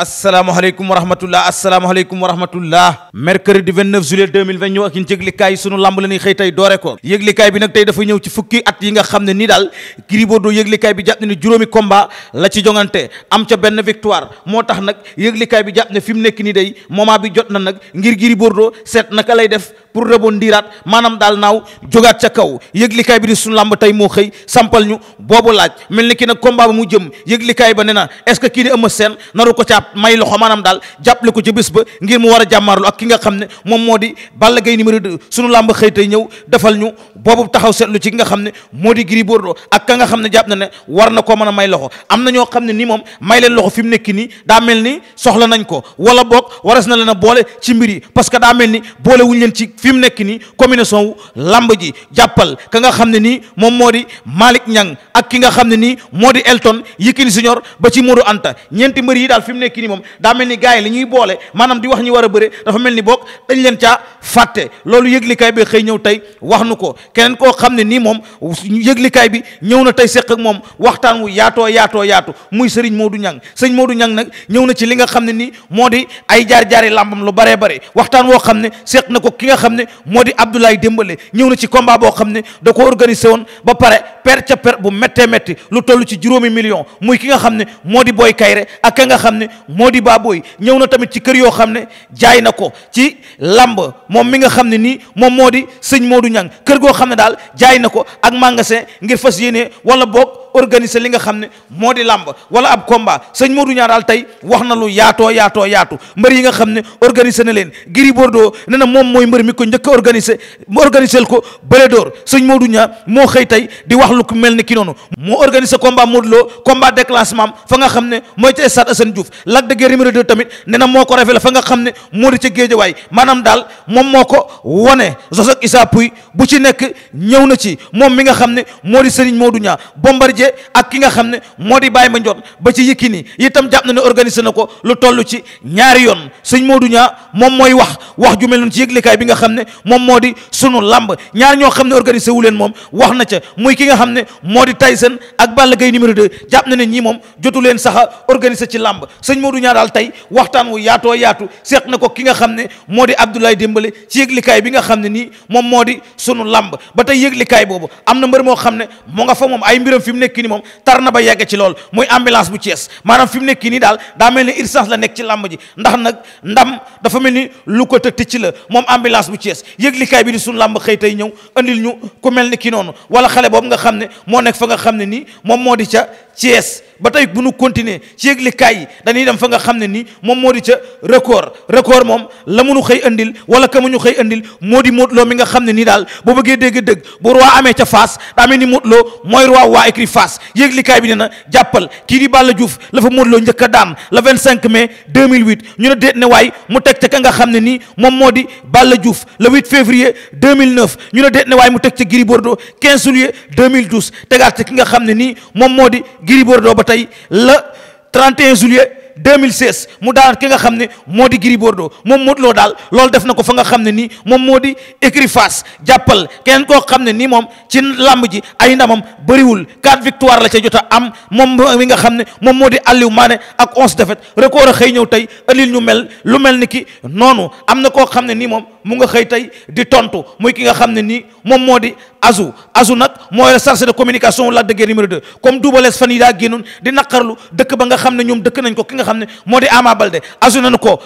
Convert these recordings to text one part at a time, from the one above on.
as asalaamaaleykum wa rahmatullah asalaamaaleykum wa rahmatullah mercredi 29 juillet 2020 ñëw ak yéen ci yëglikaay yi sunu lamb la ñuy xëy tey doore ko yëglikaay bi nag tey dafa ñëw ci fukki at yi nga xam ne nii daal Gris Bordeaux yëglikaay bi jàpp ne ni juróomi combat la ci jongante am ca benn victoire moo tax nag yëglikaay bi jàpp ne fi mu nekk nii day moment bi jot na nag ngir Gris Bordeaux seet naka lay def pour diiraat maanaam daal naaw jogaat ca kaw yëglikaay bi di sunu lamb tey moo xëy sampal ñu boobu laaj mel ni ki nag combat ba mu jëm yëglikaay ba ne na est-ce que kii di Eumeu Sène naru ko may loxo maanaam daal jàppale ko ci bés ba ngir mu war a jàmmaarlu ak ki nga xam ne moom moo di Balla Gaye numéro 2 xam ne moo di Gris Bordeaux ak ka nga xam ne jàpp na ne war na koo mën a may loxo am na ñoo xam ne ni moom may leen loxo fi mu nekk nii daa mel ni soxla nañ ko wala boog waras na leen a boole ci mbir yi parce que daa mel ni boole wuñ leen ci fi mu nekk nii combinaison wu làmb ji jàppal ka nga xam ne nii moom moo di Malick Niang ak ki nga xam ne nii moo di Elton Yékini Senior ñoom daa mel ni gars yi li ñuy boole maanaam di wax ñu war a bëre dafa mel ni boog dañ leen caa fàtte loolu yëglikaay bi xëy ñëw tey wax nu ko keneen koo xam ne nii moom yëglikaay bi ñëw na tey seq ak moom waxtaan wu yaatoo yaatoo yaatu muy sëriñ Modou Niang sëriñ Modou ñan nag ñëw na ci li nga xam ne nii moo di ay jaar-jaari làmbam lu baree bare waxtaan woo xam ne seq na ko ki nga xam ne moo di Abdoulaye Dembélé ñëw na ci combat boo xam ne da ko organisé woon ba pare per ca per bu méttee métti lu toll ci juróomi million muy ki nga xam ne moo di Boy Mody Baboy ñëw na tamit ci kër yoo xam ne jaay na ko ci lamb moom mi nga xam ne ni moom moo di sëñ Modou Niang kër goo xam ne daal jaay na ko ak magasin ngir fas yéene wala boog organiser li nga xam ne moo di làmb wala ab combat sëñ Modou Niang daal tey wax na lu yaatoo yaato yaatu mbër yi nga xam ne organiser na leen Gris doo nee na moom mooy mbër mi ko njëkk a organiser organiser ko bële door sëñ Modou Niang moo xëy tey di wax lu mel ni ki noonu moo organiser combat Modou Lo combat déclassement am fa nga xam ne mooy ca stade Assane Diouf Lac de Guiers numéro 2 tamit nee na moo ko rafet la fa nga xam ne moo di ca géejawaay maanaam daal moom moo ko wone Zos ak Issa bu ci nekk ñëw na ci moom mi nga xam ne moo di sëriñ mujje ki nga xam ne moo di bàyyi ma njoon ba ci Yékini itam jàpp na ne organisé na ko lu toll ci ñaari yoon sëñ Modou Niang moom mooy wax wax ju mel noonu ci bi nga xam ne moom moo di sunu làmb ñaar ñoo xam ne organisé wu leen moom wax na ca muy ki nga xam ne moo di Tyson ak Balla numéro 2 jàpp na ne ñii moom jotu leen sax a ci làmb suñ Modou Niang daal tey waxtaan wu yaatoo yaatu seeq na ko ki nga xam ne moo di Abdoulaye Dembélé ci yëglikaay bi nga xam ne nii moom moo di sunu làmb ba tey yëglikaay boobu am na mbër moo xam ne moo nga fa moom ay mbiram fi mu nekk ni moom tar na ba yegg ci lool muy ambulance bu Thiès maanaam fi mu nekk nii daal daa mel ni urgence la nekk ci làmb ji ndax nag ndam dafa mel ni lu ko tëtt ci la moom ambulance bu Thiès yëglikaay bi ni suñu làmb xëy tey ñëw andil ñu ku mel ni ki noonu wala xale boobu nga xam ne moo nekk fa nga xam ne nii moom moo di ca Thiès ba tey bu nu continuer ci yëglikaay yi dañuy dem fa nga xam ne nii moom moo di ca record record moom la mu nu xëy andil wala kam mu ñu xëy andil moo di Modou loo mi nga xam ne nii daal boo bëggee dégg dëgg bu roi amee ca Fass daa mel ni Modou Lo mooy roi waa écrit Fass yëglikaay bi ne na jàppal kii di Balla Diouf la fa Modou Lo njëkk a daam le 25 mai 2008 ñu ne déet ne waay mu teg ca ka nga xam ne nii moom moo di Balla Diouf la 8 février 2009 ñu ne déet ne waay mu teg ca Gris Bordeaux 15 juillet 2012 tegaat ki nga xam ne nii moom moo di Gris Bordeaux ba tey le 31 juillet 2016 mu daan ki nga xam ne moo di Gris Bordeaux moom Modou loo daal loolu def na ko fa nga xam ne nii moom moo di écurie Fass jàppal kenn koo xam ne nii moom ci làmb ji ay ndamam bëriwul 4 victoire la ca jot a am moom mi nga xam ne moom moo di Aliou Mané ak 11 défaites record a xëy ñëw tey ëllil ñu mel lu mel ni ki noonu am na koo xam ne nii moom mu nga xëy tey di tontu muy ki nga xam ne nii moom moo di Azou Azou nag mooy chargé de communication Lac de Guiers numéro 2 comme Double fan yi daa génnoon di naqarlu dëkk ba nga xam ne ko ki nga xam ne moo di Ama Baldé asu nekkoon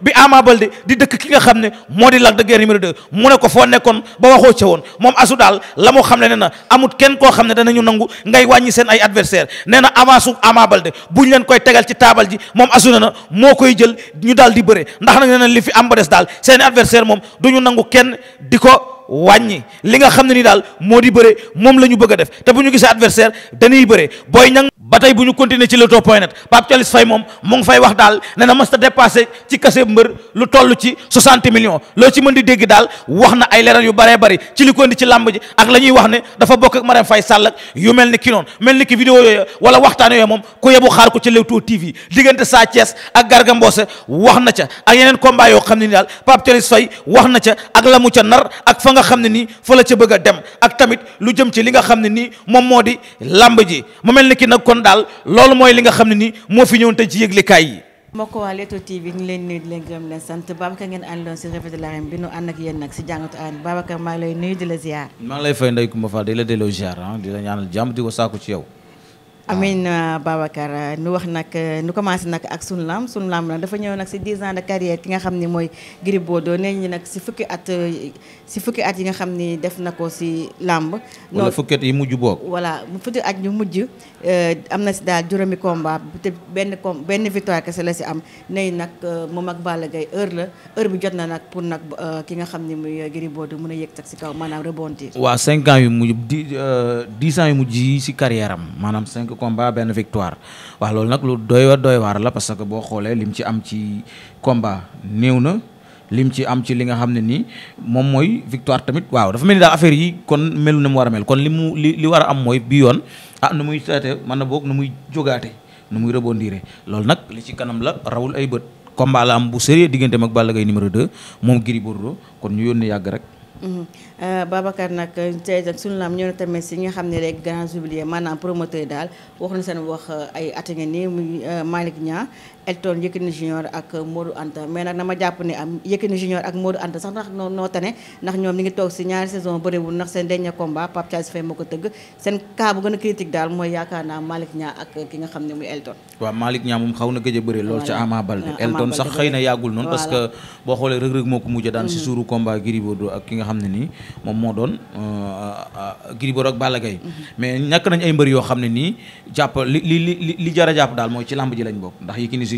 bi Ama Baldé di dëkk ki nga xam ne moo di Lac de Guiers numéro 2 mu ne ko foo nekkoon ba waxoo ca woon moom asu daal la mu xam ne ne na amut kenn koo xam ne dana ñu nangu ngay wàññi seen ay adversaire nee na avance u Ama Baldé buñ leen koy tegal ci taabal ji moom asu na moo koy jël ñu daal di bëre ndax nag nee na li fi am ba des daal seen adversaire moom duñu nangu kenn di ko wàññi li nga xam ne ni daal moo di bëre moom la ñu bëgg def te bu ñu gisee adversaire dañuy bëre booy ñang ba tey bu ñu continuer ci Leewtoo point net Pape Thialis Faye moom mu ngi fay wax daal ne na mës ta dépassé ci kase mbër lu toll ci 60 millions loo ci mën di dégg daal wax na ay leeral yu baree bari ci li ko indi ci làmb ji ak la ñuy wax ne dafa bokk ak Marème Faye Sall ak yu mel ni ki noonu mel ni ki vidéo yooyu wala waxtaan yooyu moom ku yebu xaar ko ci Leewtoo TV diggante Sa Thiès ak Garga Mbossé wax na ca ak yoo xam ne ni daal Pape wax na ca ak la mu ca nga xam ne nii fa la ca bëgg a dem ak tamit lu jëm ci li nga xam ne nii moom moo di làmb ji mu mel ni ki nag kon daal loolu mooy li nga xam ne nii moo fi ñëwoon tey ci yëglekaay yi. mbokk waa Leewtoo TV ñu ngi leen nuyu di leen gërëm leen sant Babacar ngeen àndoon si revue de l'arène bi nu ànd ak yéen nag si jàngatu arène Babacar maa lay nuyu di la ziar. maa ngi lay fay Ndeye Coumba Fall di la delloo ziar ah di la ñaanal jàmm di ko saako ci yow Ah. amiin euh, Babacar euh, nu wax nag euh, nu commencé nag ak sunu laam sunu laam nag dafa ñëw nag si 10 ans de carrière ki nga xam ni mooy Gris Bordeaux nee ñi nag si fukki at si fukki at yi nga xam ni def na ko si làmb wala fukki at yi mujj boog voilà fukki at ñu mujj am na si daal juróomi combat te benn com benn victoire kese la si am nee nag moom ak Balla Gaye heure la heure bi jot na nag pour nag ki nga xam ni muy Gris Bordeaux mën a yëg sax si kaw maanaam rebondir waaw 5 ans yu mujj 10 ans yu mujj yi si carrière maanaam 5 combat benn victoire waaw loolu nag lu doy wa doy waar la parce que boo xoolee lim ci am ci combat néew na lim ci am ci li nga xam ne nii moom mooy victoire tamit waaw dafa mel ni daal affaire yi kon melu na mu war a mel kon li mu li li war a am mooy bi yoon a ah nu muy seete mën na boog nu muy jógaate nu muy rebondir loolu nag li ci kanam la rawul ay bët combat la am bu sérieux diggante ak Balla Gaye numéro 2 moom Gris Bordeaux kon ñu yónni yàgg rek. Mhm. Euh, Babacar nag tey nag sunu laam ñëw na tamit si nga xam ne rek grands oubliés maanaam promoteur daal wax na seen wax euh, ay at ngeen nii muy euh, Malick Niang Elton Yékini Junior ak Modou Anta mais nag dama jàpp ne am Yékini Junior ak Modou Anta sax ndax noo ndax ñoom ñi ngi toog si ñaari saison bëriwul ndax seen dernier combat Pape Thialis Faye moo ko tëgg seen cas bu gën a daal mooy yaakaar naa Malick Niang ak ki nga xam ne muy Elton waaw Malick Niang moom xaw na gëj a bëri lool ca Ama Baldé Elton sax xëy na yàggul noonu parce que boo xoolee rëg-rëg moo ko mujj daan si mm. suuru combat Gris Bordeaux ak ki nga moom moo doon euh, euh, Gris Bordeaux ak Balla Gaye mm-hmm. mais ñàkk nañ yoo xam ne nii jàpp li li li li jar a jàpp daal mooy ci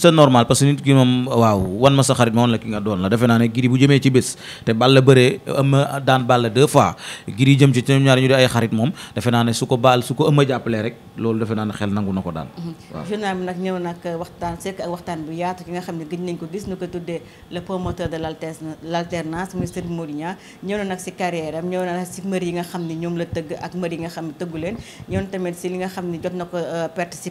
c'est normal parce que nit ki moom waaw wan ma sa xarit ma woon la ki nga doon la defe naa ne giri bu jëmee ci bés te Balla bëree Eumeu daan Balla deux fois giri jëm ci ñoom ñaar ñu di ay xarit moom defe naa ne su ko baal su ko Eumeu jàppalee rek loolu defe naa ne xel nangu na ko daal mhm. waaw journal bi nag ñëw nag waxtaan sekk ak waxtaan bu yaatu ki na nag si carrière ñëw na nag si mbër yi nga xam ne ñoom la tëgg ak mbër yi nga xam ne tëggu ñëw na tamit si li nga xam ne jot na ko euh, perte si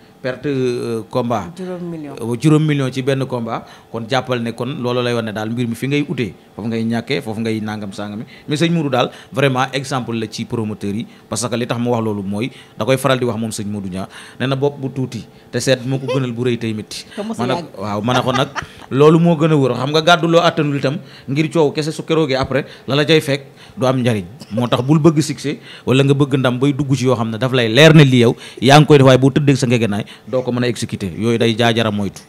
perte euh, combat juróom euh, million ci benn combat kon jàppal ne kon loolu lay wane ne daal mbir mi fi ngay utee foofu ngay ñàkkee foofu ngay nangam sangami mais sëñ Modou daal vraiment exemple la ci promoteur yi parce que li tax mu wax loolu mooy da koy faral di wax moom sëñ Modou ñaa nee na bopp bu tuuti te seet moo ko gënal bu rëy tey métti man waaw man a nag loolu moo gën a wóor xam nga gàddu loo attanul itam ngir coow kese su keroogee après la la cay fekk du am njariñ moo tax bul bëgg succès wala nga bëgg ndam bay dugg ci yoo xam ne daf lay leer ne lii yow yaa ngi koy def waaye boo tëddee sa ngegenaay doo ko mën a exécuter yooyu day jaajara moytu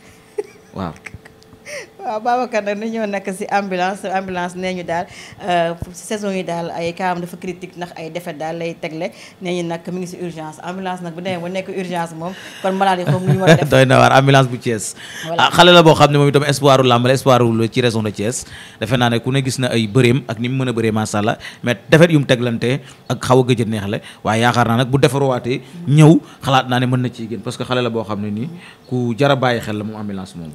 waaw waaw Babacar nag nu ñëw nekk si ambulance ambulance nee ñu daal euh, saison yi daal ay kaam dafa critique ndax ay defet daal lay tegle nee ñu nag mu ngi si urgence ambulance nag bu nekk urgence moom kon malade yi foofu lu ñu bu Thiès ah la boo xam ne moom itam espoir u làmb la espoir u ci région de Thiès defe naa ne ku ne gis na ay bëreem ak ni mu mën a bëree macha allah mais defet yu mu teglante ak xaw a gëj a waaye yaakaar naa nag bu defaruwaatee ñëw xalaat naa ne mën na ciy gën parce que xale la boo xam ne nii ku jara bàyyi xel la moom ambulance moom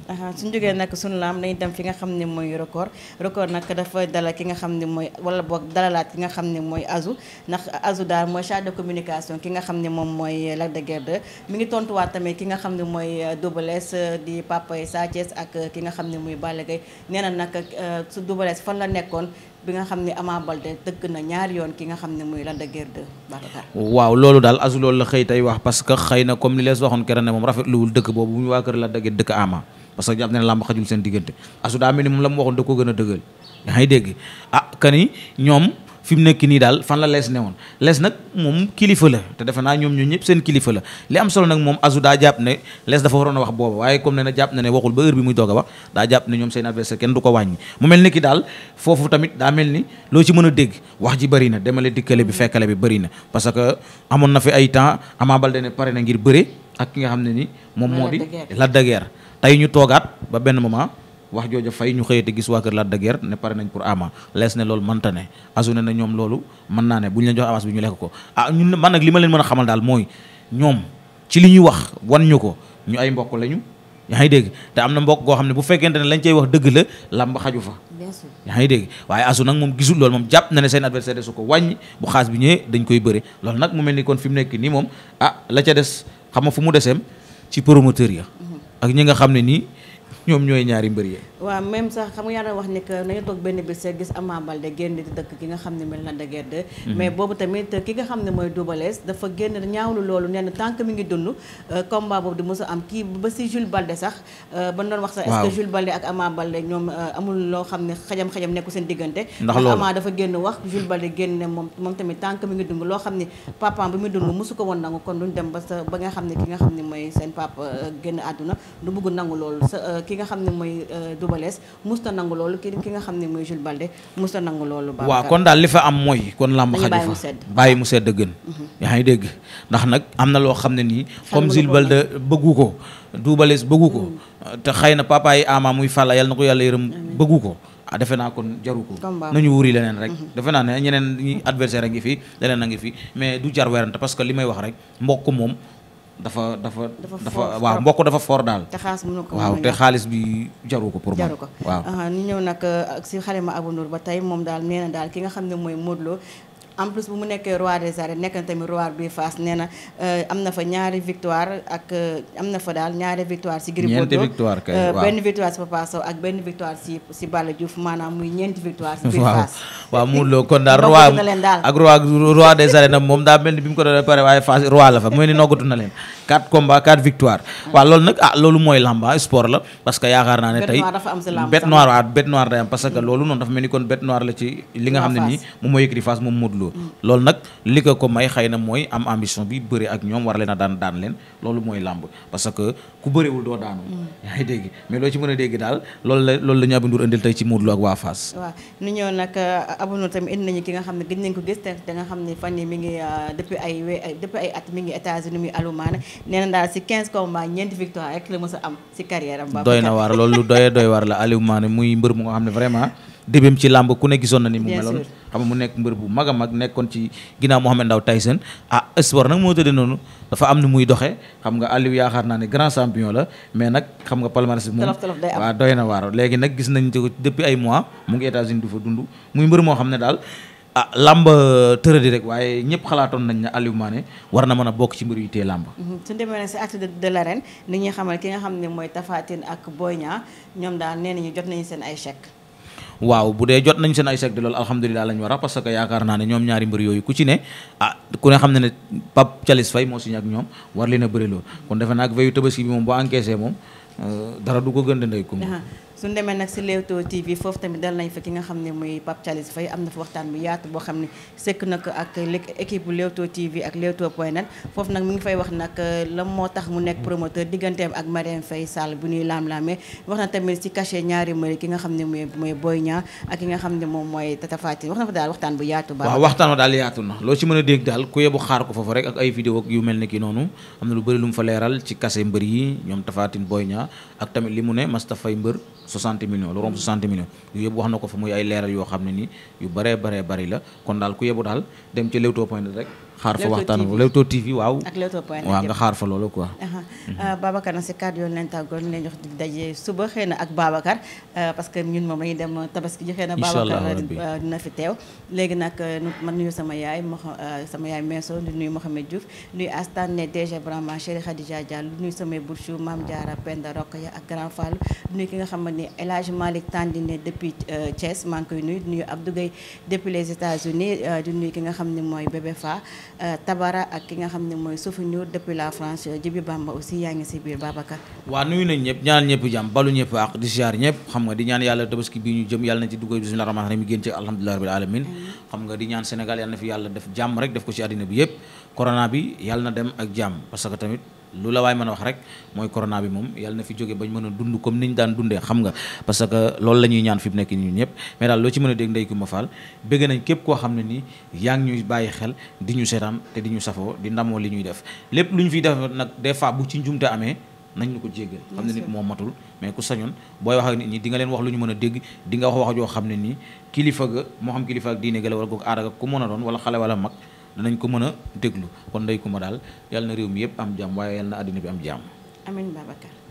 xam dem fi nga xam ne mooy record record nag dafa dalal ki nga xam ne mooy wala boog dalalaat ki nga xam ne mooy Azou ndax Azou daal mooy chargé communication ki nga xam ne moom mooy Lac de Guiers ngi tontuwaat tamit ki nga xam ne mooy euh, Double Less euh, di Papa Sa ak euh, ki nga xam ne muy Balla Gaye nee na nag su Double Less fan la nekkoon bi nga xam ni Ama Baldé dëkk na ñaar yoon ki nga xam ne mooy Lac de Guiers 2 Babacar waaw loolu daal Azou loolu la xëy tey wax parce xëy na comme li lees waxoon keroog ne moom rafetluwul dëkk boobu bu waa kër Lac de dëkk Ama parce que jàpp na ne làmb xajul seen diggante asu daa mel ni moom la mu waxoon da ko gën a dëggal yaa ngi dégg ah kani ñoom fi mu nekk nii daal fan la lees ne woon lees nag moom kilifa la te defe naa ñoom ñun ñëpp seen kilifa la li am solo nag moom asu daa jàpp ne lees dafa waroon a wax booba waaye comme ne na jàpp na ne waxul ba heure bi muy doog a wax daa jàpp ne ñoom seen adversaire kenn du ko wàññi mu mel ni ki daal foofu tamit daa mel ni loo ci mën a dégg wax ji bëri na demale dikkale bi fekkale bi bëri na parce que amoon na fi ay temps Ama Baldé ne pare ngir bëre ak ki nga xam ne ni moom moo di Lac de tey ñu toogaat ba benn moment wax jooja fay ñu xëyee xëyate gis waa kër Lac de Guiers ne pare nañ pour Ama lees ne loolu mënta ne asu ne na ñoom loolu mën naa ne bu ñu leen jox avance bi ñu lekk ko ah ñun man nag li ma leen mën a xamal daal mooy ñoom ci li ñuy wax wan ko ñu ay mbokk lañu yaa ngi dégg te am na mbokk goo xam ne bu fekkente ne lañ cay wax dëgg la làmb xaju fa yaa ngi dégg waaye asu nag moom gisul loolu moom jàpp na ne seen adversaire su ko wañ bu xaas bi ñëwee dañ koy bëre loolu nag mu mel ni kon fi mu nekk nii moom ah la ca des xam nga fu mu deseem ci promoteur ya ak ñi nga xam ne nii ñoom ñooy ñaari mbër yi. waaw même sax xam nga yaa wax ni nañu toog benn bés see gis Ama Baldé génn di dëkk ki nga xam ne mel na dëgër mhm. boobu tamit ki nga xam ne mooy Double Less dafa génn ñaawlu loolu nee na tant que mi ngi dund euh, combat boobu di mos a am ba si Jules Baldé sax euh, sax est-ce que Jules Baldé ak ñoom euh, amul loo xam ne xajam-xajam nekku seen diggante ndax Ama dafa génn wax Jules Baldé génn ne moom moom tamit tant mi ngi dund loo xam ne papaam bi muy dund mosu ko woon nangu kon duñ dem ba sa ba nga xam ne ki nga xam ne mooy seen papa génn àdduna du bëgg nangu loolu nga xam ne mooy euh, Double Less musta nangu loolu ki kon daal li fa am mooy kon làmb xaju bàyyi mu sedd gën mhm. yaa ngi dégg ndax nag am na loo xam ne nii comme Jules Balde bëggu ko Double Less bëggu ko mhm. te xëy na papa yi ama muy fàlla yàlla na ko yàlla yërëm bëggu ko ah defe naa kon jaru ko nañu wuri leneen rek mhm. defe naa ne ñeneen ñi adversaire a ngi fi leneen a ngi fi mais du jar werante parce que li may wax rek mbokk moom dafa dafa dafa waaw mbokk dafa foor daal te xaas xaalis mënu ko waaw te xaalis bi jaru ko pour jaru ko waaw ni ñëw nag euh, si xale ma Abou Ndour ba tey moom daal nee daal ki nga xam ne mooy Modou loo en plus bu mu nekkee roi des arènes nekk na tamit roi bi Fass nee euh, am na fa ñaari victoire ak euh, am na fa daal ñaari victoire si Gris Bordeaux victoire kay euh, benn victoire si Papa Sow Lo kon daal roi ak roi roi mu ko Fass roi la na leen quatre victoire waaw am parce que loolu noonu dafa mel ni kon bête noire la ci li nga xam ne nii moom mooy yëkkati Fass moom Modou Lo niveau loolu nag li ko ko may xëy na mooy am ambition bi bëri ak ñoom war leen a daan daan leen loolu mooy làmb parce que ku bëriwul doo daanu mm. yaa ngi dégg mais loo ci mën a dégg daal loolu ci Modou Lo ak waa Fass waaw nu euh, ne gën nañ ko gis te nga xam ne fan yi mi ngi euh, depuis ay we ñeenti victoire rek la mës a am si carrière am doy na waar loolu lu doy waar la alumaana muy mbër mu nga xam ne vraiment débém ci làmb ku ne gisoon na ni mu meloon xam mu nekk mbër bu mag a mag nekkoon ci ginnaaw Mohamed Ndao Tyson ah sport nag moo tëddee noonu dafa am nu muy doxee xam nga Aliou yaakaar naa ne grand champion la mais nag xam nga palmarès bi na waar ne ah, euh, na mën a bokk ci mbir yu tee làmb mhm. su demee nag si acte mooy Tapha ak Boy ñoom daal nee nañu jot nañu seen ay chèque waaw bu dee jot nañ seen ay sec de loolu alhamdulilah lañ war a parce que yaakaar naa ne ñoom ñaari mbër yooyu ku ci ne ah ku ne xam ne ne Pape Thialis Faye moo signé ak ñoom war leen a bëri kon defe naa ak veyu tabaski bi moom boo encaissé moom euh, dara du ko gën de ndey ko su demee nag si Leewtoo TV foofu tamit dal nañ fa ki nga xam ne muy Pape Thialis Faye am na fa waxtaan bu yaatu boo xam ne sekk na ko ak équipe bu Leewtoo TV ak Leewtoo point net foofu nag mu ngi fay wax nag euh, la moo tax mu nekk promoteur digganteem ak Marième Faye Sall bu ñuy laam-laamee wax na tamit si cachet ñaari mbër ki nga xam ne muy mooy Boy Niang ak ki nga xam ne moom mooy Tata Fatou daal waxtaan bu yaatu ba waaw waxtaan daal yaatu na loo ci mën a dégg daal ku yebu xaar ko foofu rek ak ay vidéo yu mel noonu am na lu bëri lu mu fa leeral ci cachet yi ñoom Tafaatin Boy Niang ak tamit li mu ne Masta Faye mbër 60 millions lu romb 60 millions yooyu yëpp wax na ko fa muy ay leeral yoo xam ne ni yu bëree baree bari la kon daal ku yebu daal dem ci Leewtoo point rek xaar fa waxtaan Leewtoo TV waaw. ak Leewtoo point waaw nga xaar fa loolu uh-huh. mhm. uh, na si kàddu yoon lañ tàggoon ñu leen jox daje suba xëy na ak Babacar uh, parce que ñun moom lañuy dem tabaski ji xëy na. Babacar uh, dina fi teew. léegi nag man nuyu sama yaay ma sama yaay Meeso di nuy Mouhamed Diouf nuyu Astane ne DG Brahma Chéri Khadija Diallo nuyu samay bourchou Mame Diarra Penda Rokhaya ak Grand Fall nuyu ki nga xam ne El Hadj Malick Tandine depuis Thiès maa ngi koy nuyu nuy nuyu Abdou Gueye depuis les États-Unis di nuyu ki nga xam ne mooy Bébé Fa Euh, Tabara ak ki nga xam ne mooy Souvenir depuis la France euh, Djibi Bamba aussi yaa ngi si biir Babacar waaw nuyu nañ ñëpp ñaanal ñëpp jàmm balu ñëpp ak di siyaar ñëpp xam nga di ñaan yàlla tabaski bii ñu jëm yàlla nañ ci dugg bismillah rahmaan rahim génn ci alhamdulilah rabbil alamin xam nga di ñaan Sénégal yàlla na fi yàlla def jàmm rek def ko ci àddina bi yëpp corona bi yàlla na dem ak jàmm parce tamit lu la waay mën a wax rek mooy corona bi moom yàlla na fi jóge bañ mën a dund comme ñu daan dundee xam nga parce que loolu la ñaan fi mu nekk ñun ñëpp mais daal loo ci mën a dégg Ndeye Coumba Fall bëgg képp koo xam ne nii bàyyi xel di ñu seetaan te di ñu safoo di ndamoo li ñuy def lépp lu ñu fiy def nag des fois bu ci njumte amee nañ ñu ko jéggal xam ne moo matul mais ku sañoon booy wax ak nit ñi di nga leen wax lu ñu mën a dégg dinga nga wax wax xam ne nii kilifa ga moo xam kilifa ak diine ga la wala goog aada ga ku mën a doon wala xale wala mag danañ ko mën a déglu kon Ndeye Coumba daal yàlla na réew mi yëpp am jàmm waaye yàlla na àddina bi am jàmm. amiin Babacar.